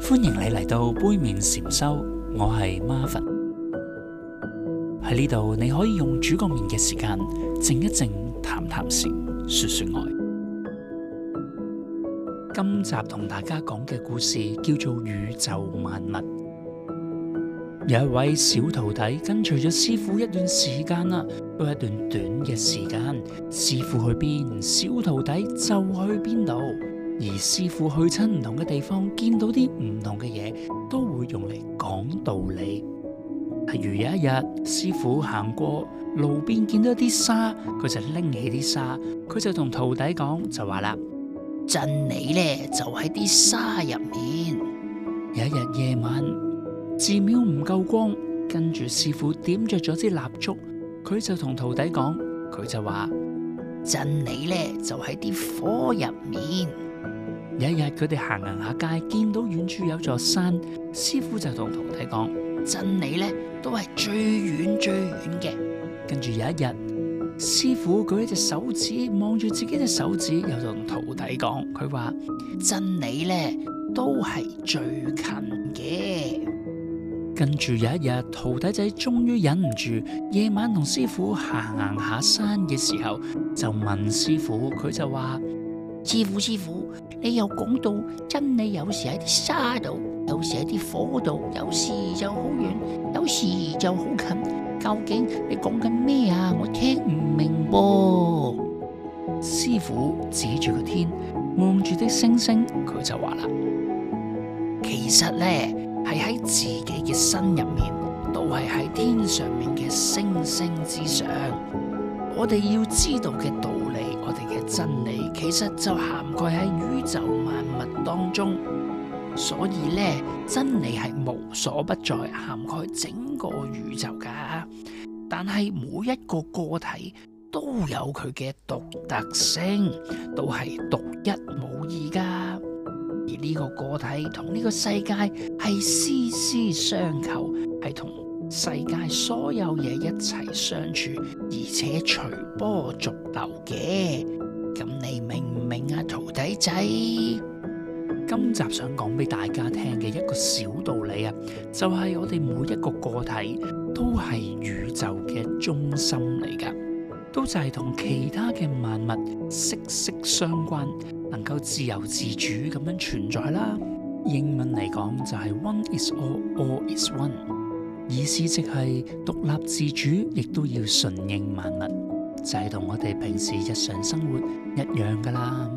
歡迎你嚟到杯麵禪修，我係 Marvin 喺呢度，你可以用煮個麵嘅時間靜一靜，談談禪，說說愛。今集同大家講嘅故事叫做宇宙萬物。有一位小徒弟跟隨咗師傅一段時間啦，都一段短嘅時間，師傅去邊，小徒弟就去邊度。而師傅去親唔同嘅地方，見到啲唔同嘅嘢，都會用嚟講道理。例如有一日，師傅行過路邊見到啲沙，佢就拎起啲沙，佢就同徒弟講，就話啦：真理咧就喺啲沙入面。有一日夜晚，寺廟唔夠光，跟住師傅點着咗支蠟燭，佢就同徒弟講，佢就話：真理咧就喺啲火入面。有一日，佢哋行行下街，見到遠處有座山。師傅就同徒弟講：真理咧，都係最遠最遠嘅。跟住有一日，師傅舉一隻手指，望住自己隻手指，又同徒弟講：佢話真理咧，都係最近嘅。跟住有一日，徒弟仔終於忍唔住，夜晚同師傅行行下山嘅時候，就問師傅：佢就話：師傅，師傅。你又講到真理，有時喺啲沙度，有時喺啲火度，有時就好遠，有時就好近。究竟你講緊咩啊？我聽唔明噃。師傅指住個天，望住啲星星，佢就話啦：其實呢，係喺自己嘅身入面，都係喺天上面嘅星星之上。我哋要知道嘅道。我哋嘅真理其實就涵蓋喺宇宙萬物當中，所以呢，真理係無所不在，涵蓋整個宇宙噶但係每一個個體都有佢嘅獨特性，都係獨一無二噶而呢個個體同呢個世界係絲絲相扣，係同。世界所有嘢一齊相處，而且隨波逐流嘅。咁你明唔明啊，徒弟仔？今集想講俾大家聽嘅一個小道理啊，就係我哋每一個個體都係宇宙嘅中心嚟噶，都就係同其他嘅萬物息息相關，能夠自由自主咁樣存在啦。英文嚟講就係 One is all, all is one。意思即係獨立自主，亦都要順應萬物，就係、是、同我哋平時日常生活一樣㗎啦。